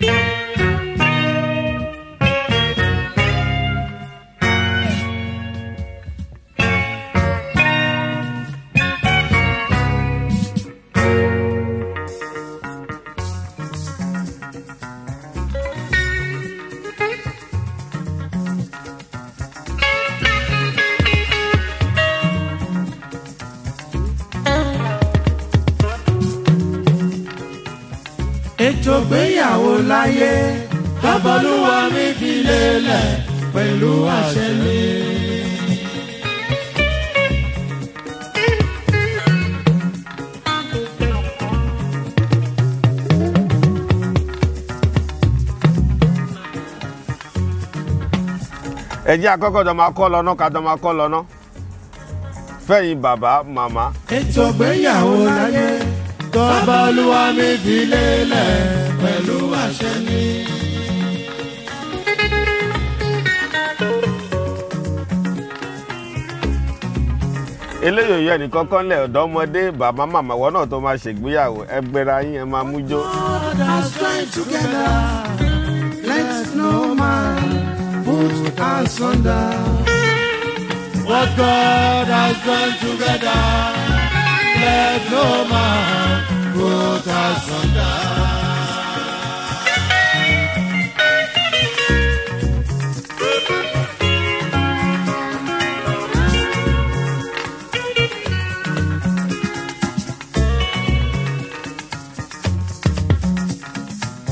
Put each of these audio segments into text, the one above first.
Yeah. láyé bàbọ́lúwa mi fi lélẹ̀ pẹ̀lú àṣẹ mi. ẹ̀jẹ̀ àkọ́kọ́ dọ̀ máa kọ́ lọ́nà ká dọ̀ máa kọ́ lọ́nà bàbá màmá. ètò ìgbéyàwó láyé tọ́ba olúwa mi fi lélẹ̀ pẹ̀lú àṣẹ ni. eléyìí òye ẹnìkan kan ọ̀dọ́mọdé bàbá màmá wọn náà tó máa ṣègbéyàwó ẹgbẹra yín ẹ máa mújó. no man put us under. What God has done together, let no man put us under.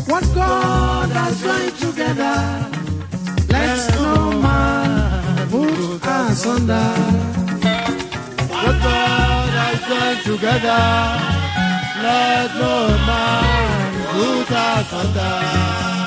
What God has joined together, let no man put asunder. What God has joined together, let no man put asunder.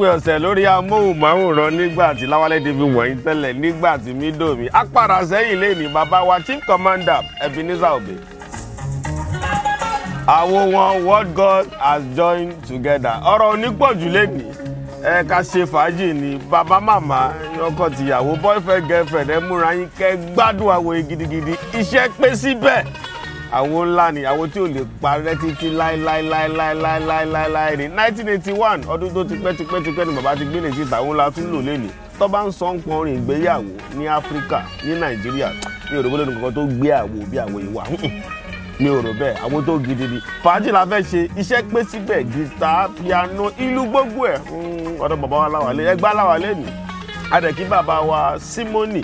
pé ọ̀sẹ̀ lórí amóhùnmáwòrán nígbà tí láwálẹ̀ débi wọ̀nyí tẹ́lẹ̀ nígbà tí mí dòmí apára sẹ́yìn lè ní bàbá wa chief commander Ebenezer Obey. àwo wọn what God has joined together ọ̀rọ̀ onípọ̀jù lẹ́nìí ẹ ká ṣe fàájì ni bàbá màmá ọkọ tìyàwó boyfriend girlfriend ẹ múra yín kẹ́ gbádùn àwòye gidigidi iṣẹ́ pé síbẹ̀. Si àwo ńlá ni àwo tí ò lè parẹ́ títí láéláéláéláéláéláé ní nineteen eighty one ọdún tó ti pẹ́ ti pẹ́ ti pẹ́ ni bàbá ti gbélé síta àwọn ńlá tún lò lélẹ̀ tó bá ń sọ ń pọn orin ìgbéyàwó ní Áfíríkà ní Nàìjíríà ní òròbóló nìkan tó gbé àwo bí àwo ìwà mi ò rò bẹ́ẹ̀ àwọn tó gidi ni fàájì la fẹ́ ṣe iṣẹ́ pé síbẹ̀ gìtá piano ìlú gbogbo ẹ̀ hmm, ọ̀dọ̀ bàbá wa láwàlẹ̀ ẹgbẹ́ láwàlẹ̀ nìyí adẹ̀kí bàbá wa Simoni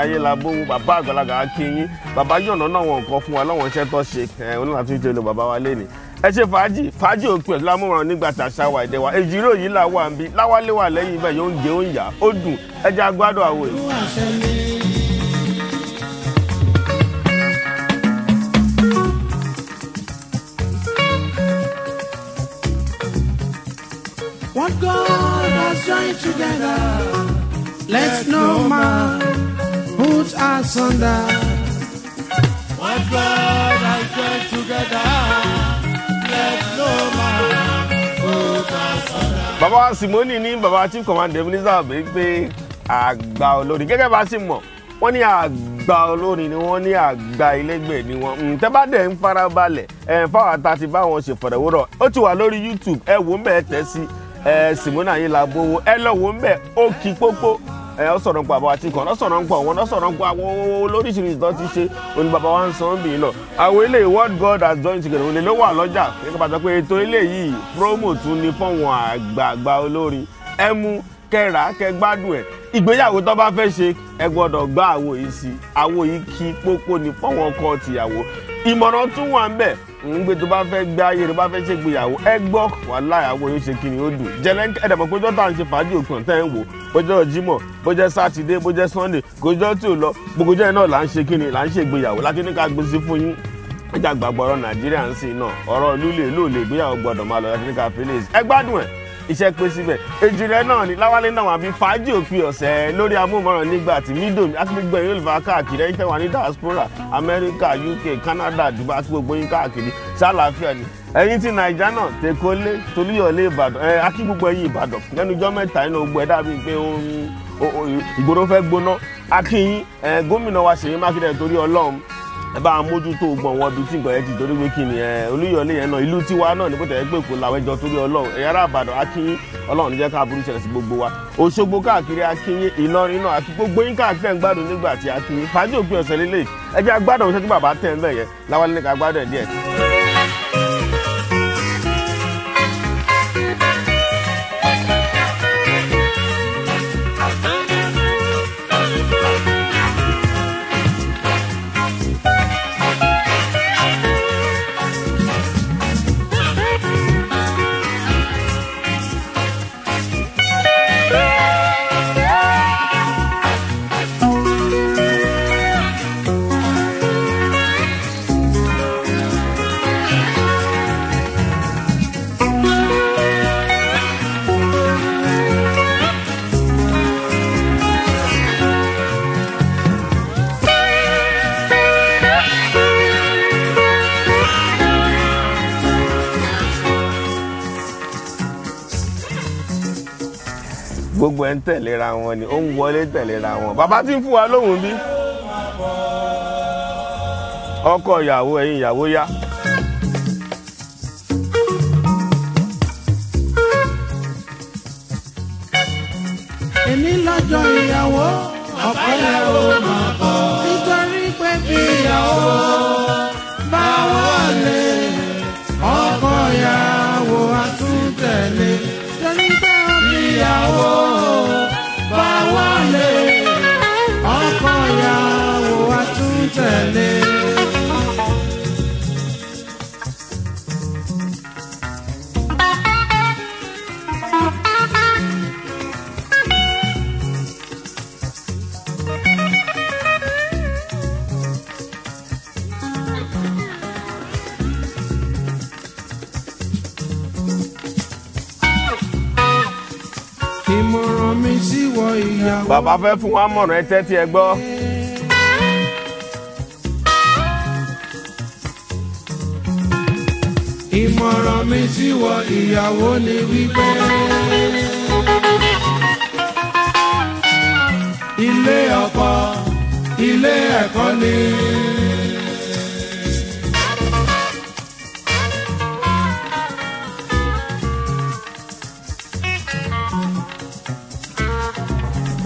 ayélabó bàbá àgbàlagbà akínyín bàbá yọ̀nà náà wọn nǹkan fún wa lọ́wọ́n iṣẹ́ tó ṣe onílàtí ń lo bàbá wa lẹ́nìí ẹ ṣe fàájì fàájì òpin ẹ̀ lámúran nígbà tàṣà wà ìdẹ̀wà èjìrò yìí là wà ń lẹ́yìn ibẹ̀ yóò ń jẹ oúnjẹ ó dùn ẹ jẹ́ àwọ̀ yìí. What God has joined together. Let no man put us under. What God has joined together, let no man put us under. Bàbá Simoni ní bàbá Chief Commander Ebenezer Obey pé àgbà olórin gẹ́gẹ́ bá ṣe mọ̀ wọ́n ní àgbà olórin ni wọ́n ní àgbà ilégbè ni wọ́n ǹtẹ́ hmm, bá dẹ̀ ń farabalẹ̀ ẹ̀ fáwọn àtàtì báwọn ṣe fọ̀rọ̀wérọ̀ ó ti wà lórí YouTube ẹ wò ń bẹ̀ tẹ́ sí ẹ Simoni Ayinla Bowo ẹ ń bẹ̀ ó kí pópó ẹ ọ sọ̀rọ̀ nípa àbáwá tí kan ọ sọ̀rọ̀ nípa òun ọ sọ̀rọ̀ nípa àwọn olóríṣiríṣi tó ti ṣe òní bàbá wa ń san án bìí náà àwọn ilé what God has joined together òní ló wà lọ́jà nípa pàtàkì pé ètò ilé yìí promo tún ni fọ́wọ́n àgbààgbà olórin ẹ mú kẹrà kẹ gbádùn ẹ ìgbéyàwó tó bá fẹ́ ṣe ẹ gbọ́dọ̀ gbá àwo yìí sí àwo yìí kí pópó ni fọ́wọ́n ọkọ tìyàwó ìmọ̀ràn tún wà ń bẹ̀ ń gbé tó bá fẹ́ gbá ayé rẹ̀ bá fẹ́ ṣègbéyàwó ẹ gbọ́ wàhálà àwo yóò ṣe kí ni ó dùn jẹ́lẹ́ńkẹ́ ẹ̀dàmọ̀ pé jọ́tà ń ṣe fàájì òpin ọ̀tẹ́ ń wò bọ́jọ́ Jímọ̀ bọ́jọ́ sátidé bọ́jọ́ Sunday kòjọ́ tí ò lọ gbogbo jẹ́ náà là ń ṣe kíni là ń ṣe ìgbéyàwó lákínní ká gbé sí fún yín ẹjà gbàgbọ́ ọ̀rọ̀ Nàìjíríà ń sìn náà ọ̀rọ̀ lúlẹ̀ lóòlẹ̀ ìgbéyàwó gbọ́dọ̀ máa lọ lákínní ká fẹ́lẹ̀ ẹ gbádùn ẹ̀ iṣẹ́ pé síbẹ̀ èjìrẹ́ náà ni láwálé náà wà bí fàájì òpin ọ̀sẹ̀ lórí amóhùnmáwòrán nígbà tí mídòm akínigbọ̀n yóò fà káàkiri ẹ̀yin tẹ́wà ní diaspora America, UK Canada Dubai àti gbogbo yín káàkiri ṣàlàáfíà ni ẹ̀yin ti naija náà tẹkọlé tolúyọlé ìbàdàn ẹ akí gbogbo ẹ̀yin ìbàdàn lẹ́nujọ́ mẹ́ta inú gbogbo ẹ dàbí pé ìgboro fẹ́ gbóná akínyìn ẹ gómìnà wa Ṣèyí Mákindé torí Ọlọ́run ẹ bá mójútó gbọ̀n wọn bíi tí nǹkan yẹn ti torí pé kìnìún ẹ olúyọlé yẹn náà ìlú tiwa náà ní kòtẹ́ ẹgbẹ́ èkó làwọn ẹjọ́ torí ọlọ́run ẹ̀yà ará àbàdàn akínyín ọlọ́run níjẹ́ ká burú ṣẹlẹ̀ sí gbogbo wa òṣogbo káàkiri akínyín ìlọrin náà àti gbogbo yín káàkiri ẹ̀ ń gbádùn nígbà tí akínyín fàájì òpin ọ̀sẹ̀ lélẹ̀ ẹ jẹ́ agbádùn ṣẹ́jú bàbá tẹ̀ ń bẹ̀ yẹn láwọn gbogbo ẹ̀ ń tẹ̀léra wọn ni ó ń wọlé tẹ̀léra wọn bàbá tí ń fún wa lóhùn bí ọkọ ìyàwó ẹ̀yin ìyàwó yá. èmi lọ́jọ́ ìyàwó ọ̀pọ̀ ìyàwó máa bọ̀ nítorí pé bí ìyàwó. bàbá fẹ́ fún wa mọ̀ràn ẹ tẹ́tí ẹ gbọ́. ìmọ̀ràn mi sí wọ ìyàwó ni wípé. ilé ọkọ ilé ẹ̀kọ́ ni.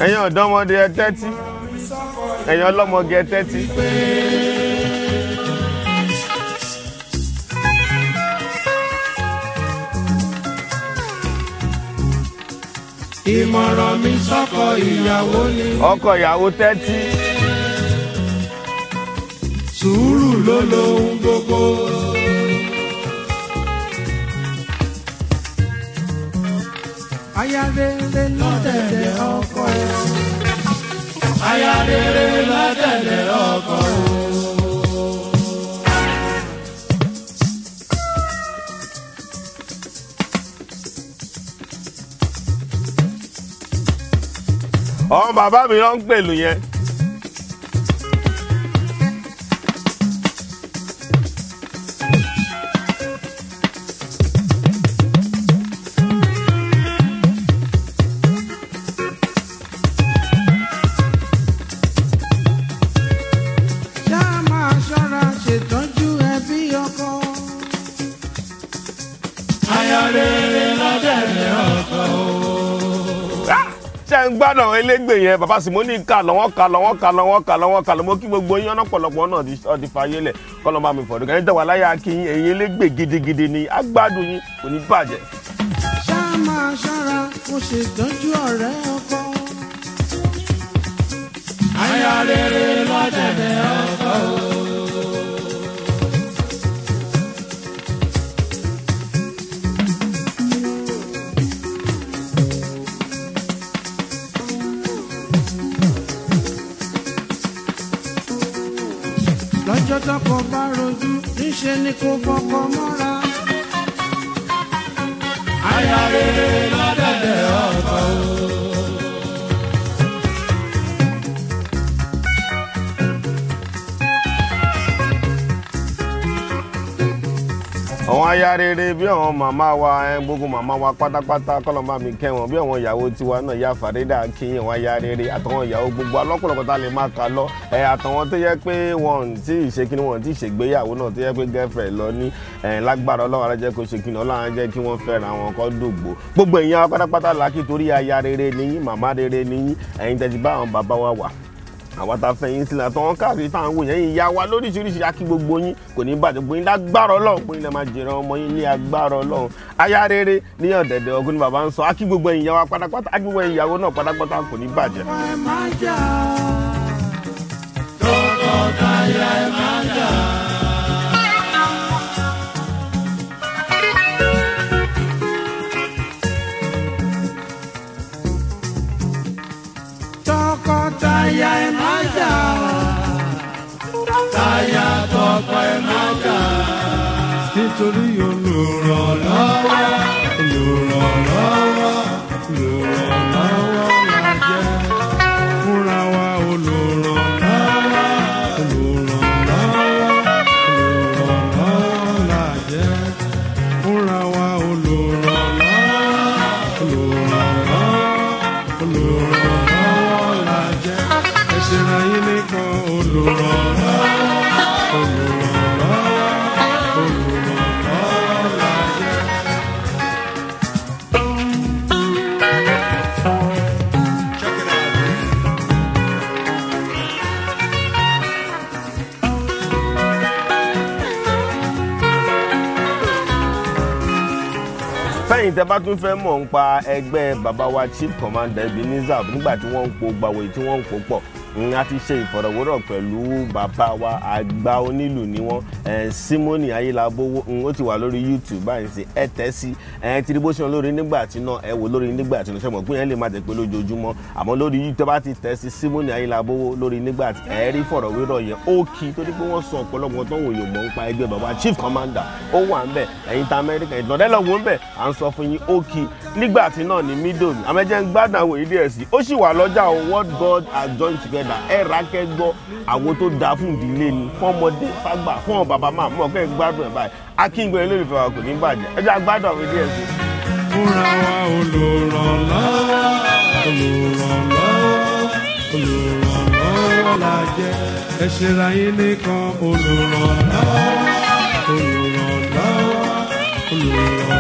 ẹ̀yin ọ̀dọ́mọdé ẹ tẹ́tí ẹ̀yin ọlọ́mọge ẹ tẹ́tí. ìmọ̀ràn mi sọ́kọ ìyàwó ni. ọkọ ìyàwó tẹ́tí. sùúrù ló lohun gbogbo. ayarere ló tẹ̀lé ọkọ ẹ̀. ayarere ló tẹ̀lé ọkọ ẹ̀. ọ̀hún bàbá mi ló ń pèlú yẹn. gbádùn àwọn elégbè yẹn bàbá simoni kà lọ́wọ́ kà lọ́wọ́ kà lọ́wọ́ kà lọ́wọ́ kà lọ́wọ́ kí gbogbo yín ọ̀nà náà ọdí fàyè lẹ̀ kọ́lọ́ máa mi fọ̀dọ̀ kẹ́yìn tẹ̀wá láyé akínyìn ẹ̀yìn elégbè gidigidi ni agbádùn yín kò ní bàjẹ́. ṣá máa ṣọ́ra mo ṣètọ́jú ọ̀rẹ́ ọkọ. aya rere lọ́dẹ̀dẹ̀ ọkọ ọjọ́ tọkọ bá rojú níṣẹ́ ni kò fọkọ mọ́ra. àyà aya rere bí àwọn màmá wa gbogbo màmá wa pátápátá kọlọmọ mi kẹ́ wọn bí àwọn ìyàwó tiwa náà ya fàrídà kíyàn wọn aya rere àtàwọn ìyàwó gbogbo alọ́pọ̀lọpọ̀ tá a lè máa kà lọ ẹ àtàwọn tó yẹ pé wọn ò tí ì ṣe kíni wọn ò tí ì náà tó yẹ pé girlfriend lọ ní ẹ lágbára Ọlọ́run alájẹ́ kó ṣe kíni Ọlọ́run alájẹ́ kí wọ́n fẹ́ràn àwọn kan dògbò gbogbo èèyàn pátápátá làákì torí aya rere nìyí màmá rere nìyí ẹ̀yin àwa ta fẹ́ yín sílẹ̀ àtọ́wọ́n káàkiri tá à ń wò yẹn ìyá wa lóríṣiríṣi akí gbogbo yín kò ní bàjẹ́ gbogbo yín lágbára ọlọ́run pé ilẹ̀ máa jèrè ọmọ yín ní agbára ọlọ́run aya rere ní ọ̀dẹ̀dẹ̀ ọ̀gbìn bàbá ń sọ akí gbogbo yín ìyá wa pátápátá akí gbogbo yín ìyàwó náà pátápátá kò ní bàjẹ́. torí olùrànlọ́wọ́. tẹ bá tún fẹ́ mọ̀ nípa ẹgbẹ́ baba chief commander Ebenezer nígbà tí wọ́n ń po gbàwé tí wọ́n ń po pọ̀ a ti ṣe ìfọ̀rọ̀wérọ̀ pẹ̀lú bàbá wa àgbà onílù ni wọ́n Simoni Ayélabówó ó ti wà lórí YouTube báyìí sí ẹ tẹ́ sí ẹ ti rí bó ṣe wọn lórí nígbà tí náà ẹ wò lórí nígbà tí náà ṣe mọ̀ pé yẹn lè má jẹ́ pé lójoojúmọ́ àmọ́ lórí YouTube bá ti tẹ́ sí Simoni Ayélabówó lórí nígbà tí ẹ rí fọ̀rọ̀wérọ̀ yẹn ó kí torí pé wọ́n sọ ọ̀pọ̀lọpọ̀ tó wòye mọ̀ nípa ẹgbẹ́ bàbá chief commander ó wà ń bẹ̀ ẹ̀yin ta Amẹ́ríkà ìdánilọ́wọ́ ń bẹ̀ à ń sọ fún yín ó kí nígbà tí náà ní mídòmí àmẹ́jẹ́ ń gbádùn àwọn èdè ẹ̀sìn ó sì wà lọ́jà world god are joined together rà ẹ rà kẹ́ gbọ́ àwo tó dáa fún ìdílé ni fún ọmọdé fágbà fún ọ bàbá máa mọ̀ kẹ́ gbádùn ẹ̀ báyìí akíngbọ̀n olólùfẹ́ wa kò ní bàjẹ́ ẹ jẹ́ agbádùn àwọn díẹ̀ sí. fúnra wa olùrànlọ́wọ́ olùrànlọ́wọ́ olùrànlọ́wọ́ la jẹ́ ẹ ṣera yín nìkan olùrànlọ́wọ́ olùrànlọ́wọ́ olùrànlọ́wọ́.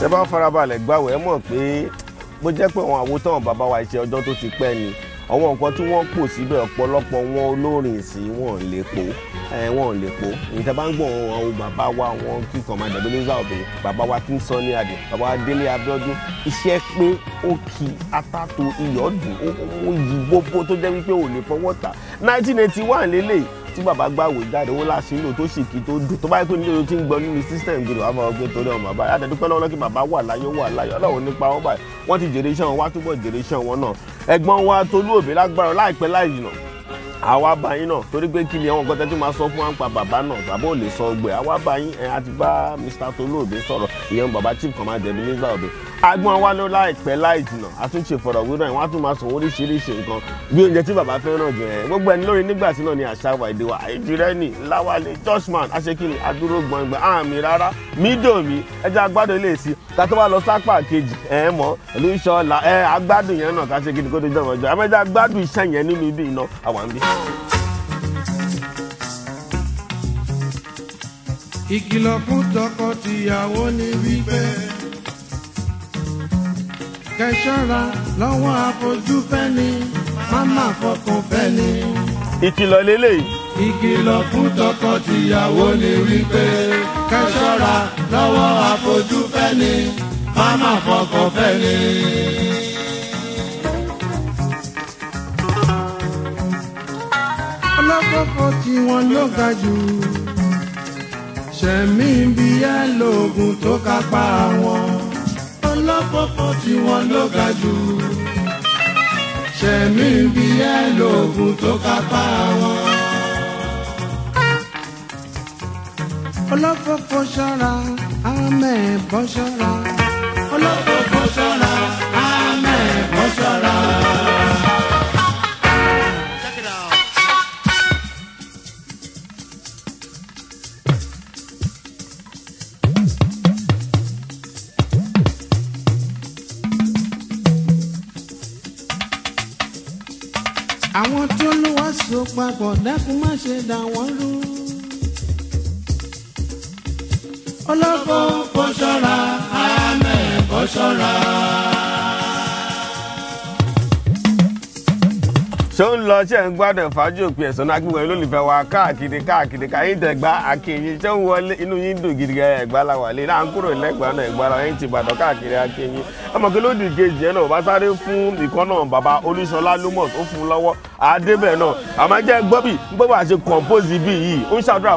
tẹ bá farabalẹ̀ gbàwẹ̀ ẹ mọ̀ pé bó jẹ́ pé àwọn àwòtán bàbá wa iṣẹ́ ọjọ́ tó ti pẹ́ ni àwọn nǹkan tí wọ́n pò síbẹ̀ ọ̀pọ̀lọpọ̀ wọn olórin sí wọn lè po wọn lè po ìtẹ́ bá ń gbọ́ àwọn bàbá wa wọn kí kọ̀mádà bẹ́lẹ́sà òbí bàbá wa tí ń sọ ní adé bàbá wa délé abíọ́dún iṣẹ́ pé ó kì atátó iyọ̀ dùn ó yí gbogbo tó jẹ́ wípé ò lè fọwọ́ ta 1981 lélẹ́yìí tí bàbá gbàwé jáde owó láṣẹ ìlò tó sì kí tó dùn tó bá yẹ pé nílò tí ń gbọ́ nínú system gidi wàá máa gbé torí ọmọ báyìí àtẹ̀dúpẹ́ lọ́wọ́ kí bàbá wà láyé wà láyé ọlọ́run nípa wọn báyìí wọ́n ti jèrè iṣẹ́ wọn wá túbọ̀ jèrè iṣẹ́ wọn náà ẹ̀gbọ́n wa tolú òbí lágbára láìpẹ́ láì jìnà àwa bá náà torí pé kí ni àwọn nǹkan tí máa sọ fún wa ń pa bàbá náà bàbá ò lè sọ ọgbẹ́ àwa bá yín àti bá Mr. Tolú òbí ìyẹn bàbá chief commander Ebenezer Obey agbọn wa ló láìpẹ́ láì jìnà àtúnṣe ìfọ̀rọ̀wérọ̀ ìwọ̀n á tún máa sọ oríṣiríṣi nǹkan bí oúnjẹ tí bàbá fẹ́ràn jù ẹ̀ gbogbo ẹni lórí nígbà tí náà ni àṣà wà èdè wa àìjírẹ́nì láwálé jọ́sman aṣèkìlì adúró gbọ̀ngbọ̀n àmì rárá mídòmí ẹja agbádùn ilé sí tàtó wa lọ sápà kejì ẹ mọ ìlú ìṣọlá ẹ agbádùn yẹn náà ni kó tó jẹ́ ọjọ́ àmẹ́jà agbádùn iṣẹ́ yẹn nínú ibi iná ìkìlọ̀ fún tọkọ ni wípé kẹṣọ́ra lọ́wọ́ àfojúfẹ́ni má mama fọkàn fẹ́ni. ìkìlọ̀ lélẹ̀. ìkìlọ̀ fún tọkọ-tìyàwó ni wípé kẹṣọ́ra lọ́wọ́ àfojúfẹ́ni má má fọkàn fẹ́ni. ọlọ́kọ̀ọ́kọ́ tí wọ́n ló ga jù ṣẹ̀mí bíi ẹ̀ lóògùn tó kápá wọn pópó tí wọ́n ló ga jù. ṣẹ̀mí bí ẹ lóògùn tó kápá wọn. olófòfò ṣọ́ra àmẹ́ bọ́ ṣọ́ra. olófòfò ṣọ́ra àmẹ́ bọ́ ṣọ́ra. àwọn tó ló wá so papọ̀ dákun má ṣe dà wọ́n rú. ọlọ́kọ̀ kò ṣọ́ra àmẹ́ kò ṣọ́ra. ṣó ń lọ ṣe ń gbádùn fàájì òpin ẹ̀sán náà akínwó olólùfẹ́ wa káàkiri káàkiri káyìn dẹ̀gbá akínyìn ṣé ń wọlé inú yín dùn gidi gan ẹ̀gbá la wà lé náà ń kúrò lẹ́gbàá náà ẹ̀gbá la yín ti bàdàn káàkiri akínyìn ọmọ kí ló dì kejì ẹ̀ náà bá fún ìkan bàbá olúṣọlá lumos ó fún un lọ́wọ́ àdébẹ̀ náà àmọ́ jẹ́ gbọ́bì gbọ́bà ṣe kọ̀ǹpóòsì bíi yìí ó ń ṣàdúrà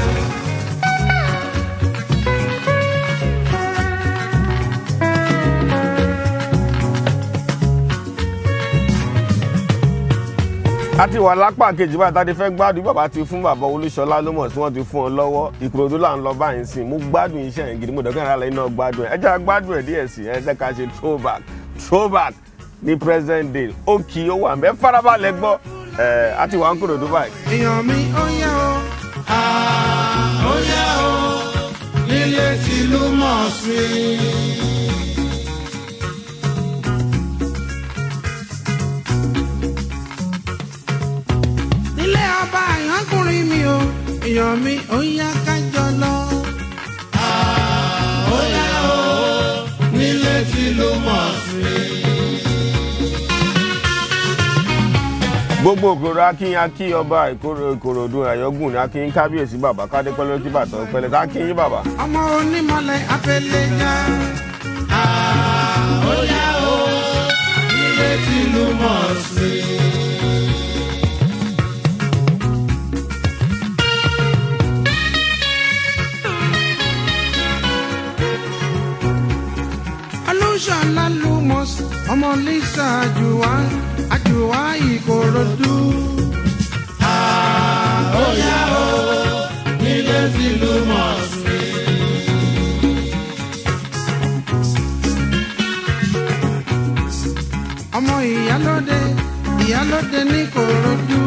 a ti wà lápá kejì báyìí tá a ti fẹ́ gbádùn bàbá ti fún bàbá olúṣọlá ló mọ̀ tí wọ́n ti fún ọ lọ́wọ́ ìkòròdú là ń lọ báyìí sí mo gbádùn iṣẹ́ yẹn gidi mo dọ̀kẹ́ ara lẹ́yìn náà gbádùn ẹ̀ ẹ jẹ́ gbádùn ẹ̀ díẹ̀ sí ẹ jẹ́ ṣe throwback throwback ní present day ó kì í ó wà mẹ́ farabalẹ̀ gbọ́ ẹ̀ a ti wà ń kòròdú báyìí. èèyàn mi ó yẹ o ó yẹ o nílé tìlú mọ̀ sí i. bàbá àyànkùnrin mi o èèyàn mi ó yá kájọ lọ. Ah, ó yá o nílé tí ló mọ̀ sí. gbogbo òkòrò akínyìn akí ọba ìkòròdú àyọgùn ní akínyìn kábíyèsí bàbá kádé pẹlú ojú bàtà ọpẹlẹ akínyìn bàbá. ọmọ onímọ̀lẹ̀ afẹ́lẹ́ yá. Ah, ó o nílé tí ló mọ̀ sí alálùmọ̀s ọmọ lisa àjùwá àjùwá ìkòròdú. àbóyá o nílé ti lùmọ̀ sí. ọmọ ìyálóde ìyálóde ní kòròdú.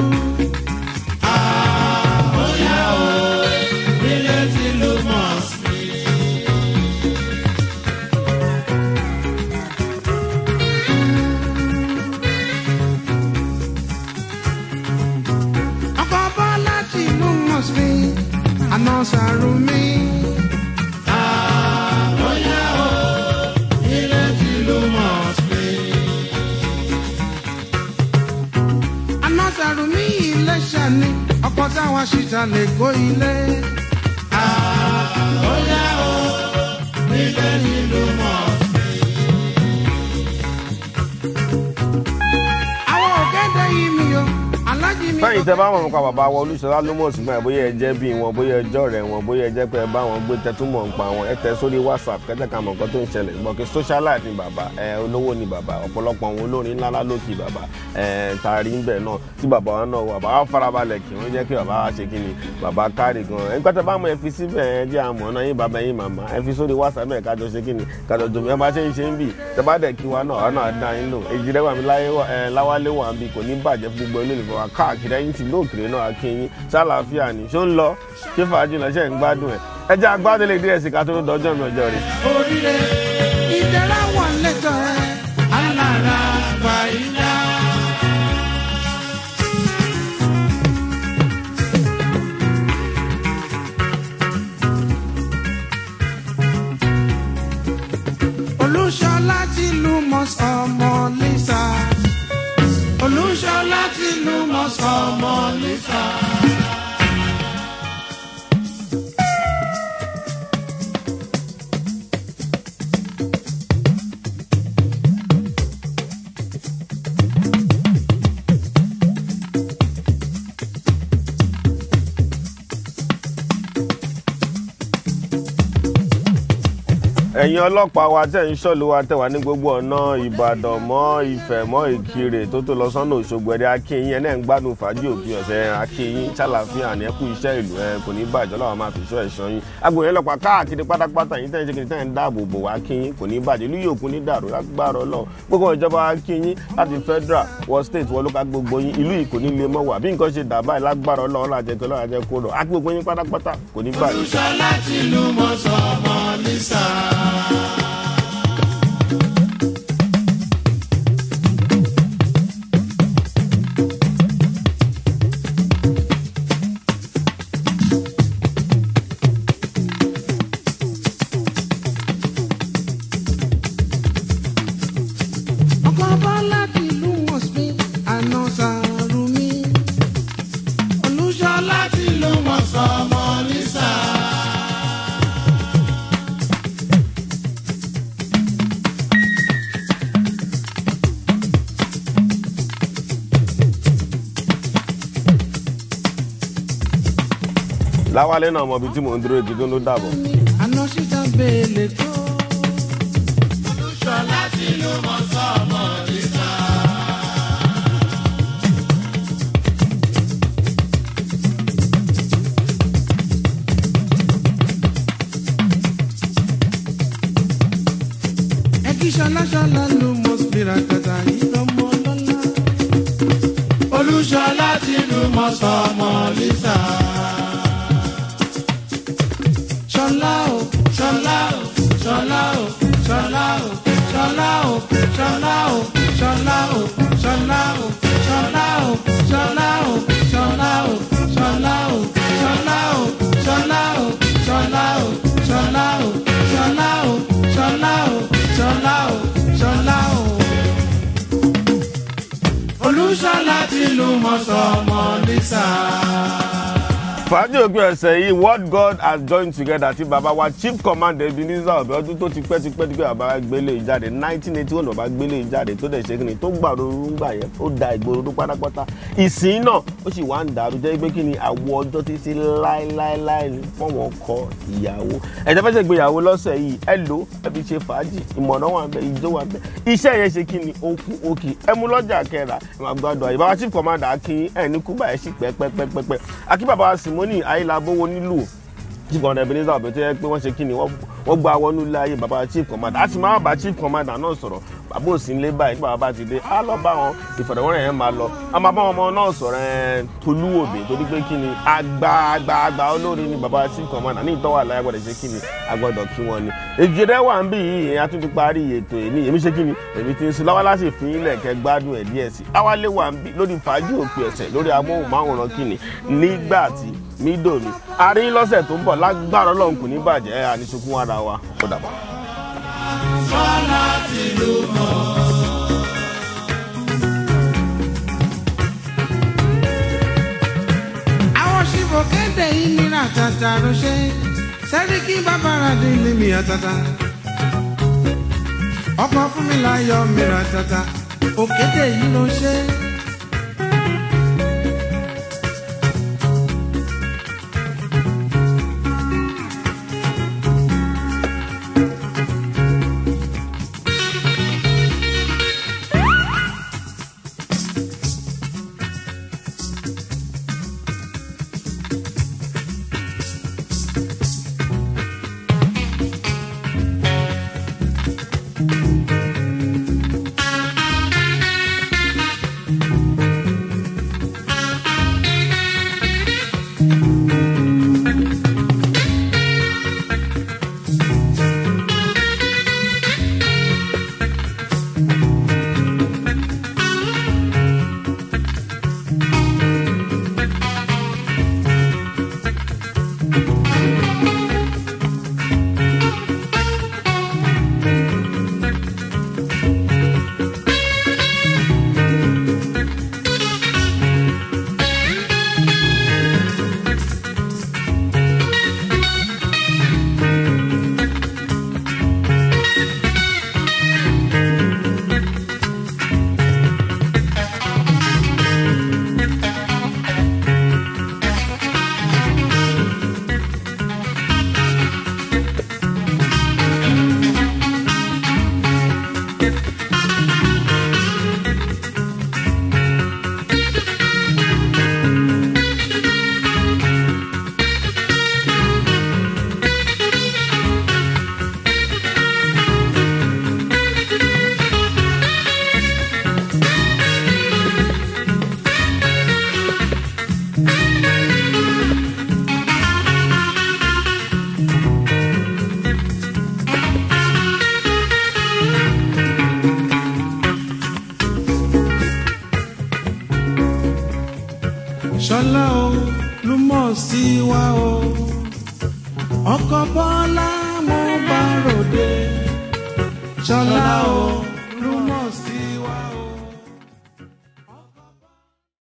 pa bàbá wa Olúṣọlá ló mọ̀ sígbà bóyá ẹ jẹ́ bí wọn bóyá ẹjọ́ rẹ̀ wọn bóyá ẹ pé ẹ bá wọn gbé tẹtúmọ̀ ń pa wọn ẹ tẹ sórí whatsapp kẹ́tẹ̀ka mọ̀ nǹkan tó ń ṣẹlẹ̀ gbọ́ kí socialite ni bàbá ẹ olówó ni bàbá ọ̀pọ̀lọpọ̀ àwọn olórin ńlá ló kì bàbá ẹ tààrí ń bẹ̀ náà tí bàbá wa náà wà bàbá farabalẹ̀ kì wọ́n jẹ́ kí bàbá wa ṣe kí ni bàbá kárì gan ẹ wa náà ọ̀nà àdá yín lò èjì rẹ̀ wà mí láwálé wà ń bì kò ní bàjẹ́ gbogbo ẹ lónìí fún wa káàkiri ẹ̀yìn ti òkèèrè náà akínyín ṣàlàáfíà ni ṣó ń lọ ṣé fàájì lọ ṣe ń gbádùn ẹ ẹ agbádùn lè díẹ̀ sí ká tó dọjọ́ mi ọjọ́ rẹ̀. oríire ìdẹ́rẹ́ wà lẹ́tọ̀ ẹ̀ alára àgbà olùṣọ́ láti lu mọ́sán lisa. Olúṣọlá Tinúbọ̀ sọmọ Lísà. ẹ̀yin ọlọ́pàá wa tẹ̀ ń ṣọ́lù wa ní gbogbo ọ̀nà ìbàdàn mọ́ ìfẹ́ mọ́ ìkirè tó tó lọ sọ́nà òṣogbo ẹ̀dẹ̀ akínyìn ẹ̀ náà ń gbádùn fàájì òpin ọ̀sẹ̀ akínyìn ṣàlàfihàn àní ẹ̀kú iṣẹ́ ìlú ẹ̀ kò ní bàjẹ́ ọlọ́wà máa fi ṣọ́ ẹ̀ṣọ́ yín agbóyè ọlọ́pàá káàkiri pátápátá yìí kò ní ṣe dà báyìí lágbára you. Ọláwálé náà mọ ibi tí mò ń dúró ìdígún ló dàbọ̀. àná síta bèèlè tó. olùṣọ́lá tí ló mọ sọ́ọ̀mọ́ níta. ẹ kí ṣọlá ṣọlá ló mọ síra kàtà yìí lọ́mọ olùṣọ́lá tí ló mọ sọ́ọ̀mọ́ níta. ṣọlá o ṣọlá o ṣọlá o ṣọlá o ṣọlá o ṣọlá o ṣọlá o ṣọlá o ṣọlá o ti lù mọ́ lisa fàájì òpin ọ̀sẹ̀ yìí what God has joined together ti bàbá wa chief commander Ebenezer Obíọ́dún tó ti pẹ́ ti pẹ́ ti pẹ́ bàbá gbélé jáde nineteen eighty one bàbá gbélé jáde tó dẹ̀ ṣe kí ni tó gbàrú rúgbà yẹn ó da ìgboro tó pátápátá ìsìn náà ó sì wá ń dàrú jẹ́ pé kí ni àwọ̀ ọjọ́ ti ṣe láéláéláé ní fọ́wọ́n kọ ìyàwó ẹ̀jẹ̀ fẹ́ ṣe gbéyàwó lọ́sẹ̀ yìí ẹ lò ẹ fi ṣe fàájì ìmọ̀ràn wà bẹ́ẹ̀ ìjó wà bẹ́ẹ̀ iṣẹ́ yẹn ṣe kí ni ó kú òkè ẹ mú lọ́jà kẹrà ẹ máa gbádùn àyè bàbá chief commander akínyìn ẹ̀ ní kúbà ẹ̀ sì pẹ́pẹ́pẹ́pẹ́ akí bàbá wa sì mú ní ayélabówó nílùú chief commander Ebenezer Obey tó yẹ pé wọ́n ṣe kí ni wọ́n gba wọnú ilé ayé baba chief commander àti máa bá chief commander náà sọ̀rọ̀ bàbá òsì ń lé báyìí bàbá bá ti dé á lọ bá wọn ìfọ̀rọ̀wọ́rọ̀ yẹn máa lọ a máa bá wọn ọmọ náà sọ̀rọ̀ tolúwòbí torí pé kí ni àgbà olórí ni bàbá chief commander ní ìtọ́wà láyé gbọ́dọ̀ ṣe kí ni agbọ́dọ̀ kí wọn ni èjìdẹ́ wà ń bì yìí a tún ti parí ètò èmi èmi ṣe kí ni èmi ti ń sin láwa láti fi ilẹ̀ kẹ gbádùn ẹ̀ díẹ̀ sí awálé wà ń bì lórí fàájì òpin ẹ̀sẹ̀ lórí amóhùnmáwòrán kí ni nígbà tí mí dòní a rí lọ́sẹ̀ tó ń bọ̀ lágbára ọlọ́run kò ní bàjẹ́ àníṣokún ara wa Bọ́lá tìlú mọ́. àwọn ṣìbò kéde yìí nira tata ló ṣe sẹ́ríkì dín ní mi àtàtà ọkọ̀ fún mi láyọ̀ mi ra òkété yìí ló ṣe.